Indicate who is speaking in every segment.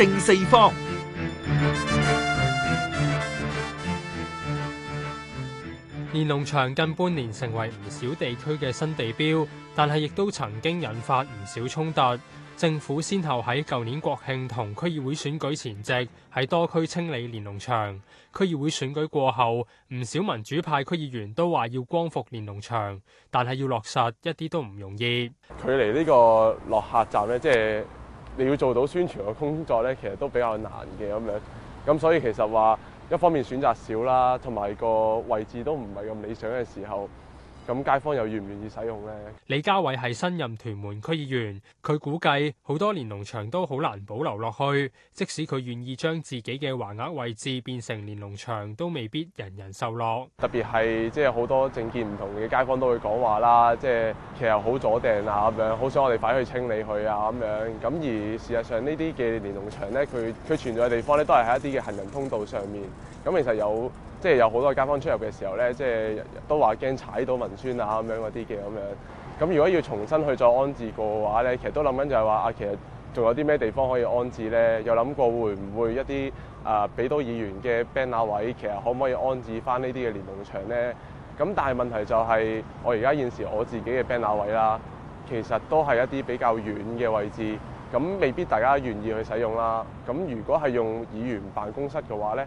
Speaker 1: 正四方
Speaker 2: 連儂牆近半年成為唔少地區嘅新地標，但係亦都曾經引發唔少衝突。政府先後喺舊年國慶同區議會選舉前夕，喺多區清理連儂牆。區議會選舉過後，唔少民主派區議員都話要光復連儂牆，但係要落實，一啲都唔容易。
Speaker 3: 距離呢個落客站呢即係。你要做到宣傳嘅工作咧，其實都比較難嘅咁樣，咁所以其實話一方面選擇少啦，同埋個位置都唔係咁理想嘅時候。咁街坊又願唔願意使用咧？
Speaker 2: 李家偉係新任屯門區議員，佢估計好多連儂牆都好難保留落去，即使佢願意將自己嘅橫額位置變成連儂牆都未必人人受落。
Speaker 3: 特別係即係好多政見唔同嘅街坊都會講話啦，即係其實好阻埞啊咁樣，好想我哋快去清理佢啊咁樣，咁而事實上呢啲嘅連儂牆咧，佢佢存在嘅地方咧，都係喺一啲嘅行人通道上面。咁其實有即係有好多街坊出入嘅時候咧，即係都話驚踩到民村啊咁樣啲嘅咁樣。咁如果要重新去再安置過嘅話咧，其實都諗緊就係話啊，其實仲有啲咩地方可以安置咧？有諗過會唔會一啲啊，俾到議員嘅 banner 位，其實可唔可以安置翻呢啲嘅連儂牆咧？咁但係問題就係、是、我而家現時我自己嘅 banner 位啦，其實都係一啲比較遠嘅位置，咁未必大家願意去使用啦。咁如果係用議員辦公室嘅話咧？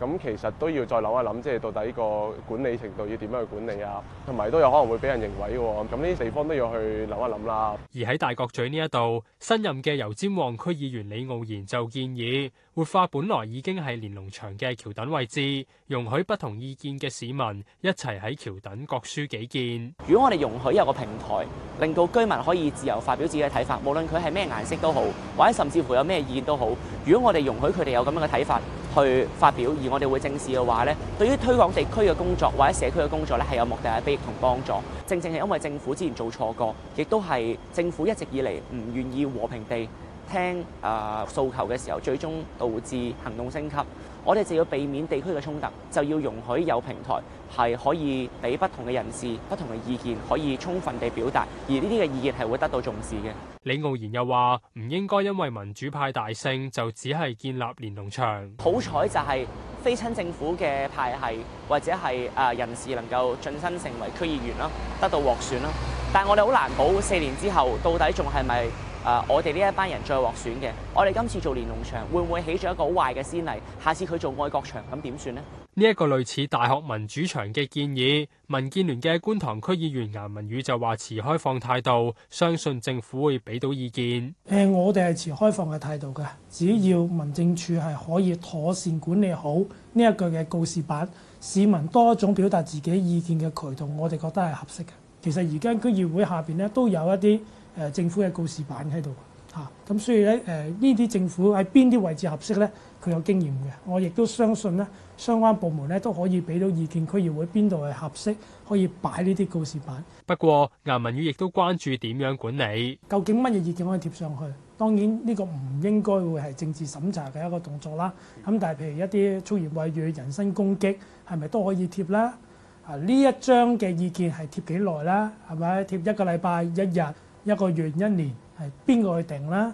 Speaker 3: 咁其實都要再諗一諗，即係到底個管理程度要點樣去管理啊？同埋都有可能會俾人認為喎，咁呢啲地方都要去諗一諗啦。
Speaker 2: 而喺大角咀呢一度，新任嘅油尖旺區議員李傲然就建議活化本來已經係連儂牆嘅橋墩位置，容許不同意見嘅
Speaker 1: 市民一齊喺
Speaker 2: 橋墩各抒己見。
Speaker 1: 如果我哋容許有個平台，令到居民可以自由發表自己嘅睇法，無論佢係咩顏色都好，或者甚至乎有咩意見都好，如果我哋容許佢哋有咁樣嘅睇法。去發表，而我哋會正視嘅話咧，對於推廣地區嘅工作或者社區嘅工作咧，係有莫大嘅裨益同幫助。正正係因為政府之前做錯過，亦都係政府一直以嚟唔願意和平地。聽啊訴求嘅時候，最終導致行動升級。我哋就要避免地區嘅衝突，就要容許有平台係可以俾不同嘅人士、不同嘅意見可以充分地表達，而呢啲嘅意見係會得到重視嘅。李傲然又話：唔應該因為民主派大勝就只
Speaker 2: 係建立連儂牆。
Speaker 1: 好彩就係非親政府嘅派系或者係啊人士能夠晉身成為區議員啦，得到獲選啦。但係我哋好難保四年之後到底仲係咪？啊、我哋呢一班人再獲選嘅，我哋今次做連儂牆會唔會起咗一個好壞嘅先例？下次佢做愛國牆咁點算呢？
Speaker 2: 呢、這、一個類似大學民主牆嘅建議，民建聯嘅觀塘區議員顏文宇就話持開放態度，相信政府會俾到意見。
Speaker 4: 誒、呃，我哋係持開放嘅態度嘅，只要民政處係可以妥善管理好呢一個嘅告示板，市民多一種表達自己意見嘅渠道，我哋覺得係合適嘅。其實而家區議會下面呢，都有一啲。誒、政府嘅告示板喺度嚇，咁、啊、所以咧誒呢啲、呃、政府喺邊啲位置合適咧？佢有經驗嘅，我亦都相信咧，相關部門咧都可以俾到意見，區議會邊度係合適可以擺呢啲告示板。
Speaker 2: 不過，顏文宇亦都關注點樣管理，
Speaker 4: 究竟乜嘢意見可以貼上去？當然呢、呢個唔應該會係政治審查嘅一個動作啦。咁但係譬如一啲粗言穢語、人身攻擊，係咪都可以貼啦？啊，呢一張嘅意見係貼幾耐啦？係咪貼一個禮拜一日？一個月一年係邊個去定啦？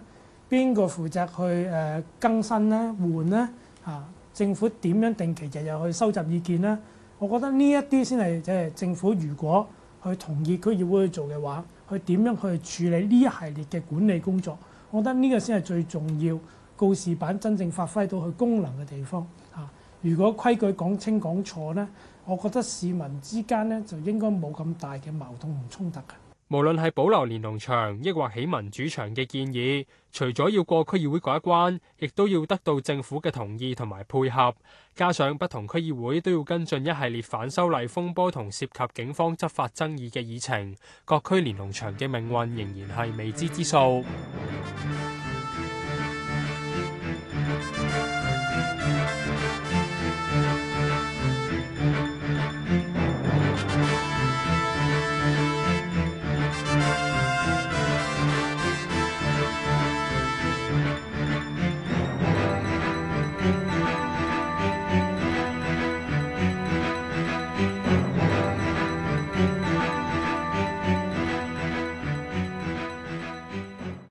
Speaker 4: 邊個負責去誒更新咧、換咧？嚇，政府點樣定期日日去收集意見咧？我覺得呢一啲先係即係政府如果去同意區議會去做嘅話，去點樣去處理呢一系列嘅管理工作？我覺得呢個先係最重要告示板真正發揮到佢功能嘅地方。嚇，如果規矩講清講錯咧，我覺得市民之間咧就應該冇咁大嘅矛盾同衝突嘅。
Speaker 2: 無論係保留連儂牆，抑或起民主牆嘅建議，除咗要過區議會嗰一關，亦都要得到政府嘅同意同埋配合。加上不同區議會都要跟進一系列反修例風波同涉及警方執法爭議嘅議程，各區連儂牆嘅命運仍然係未知之數。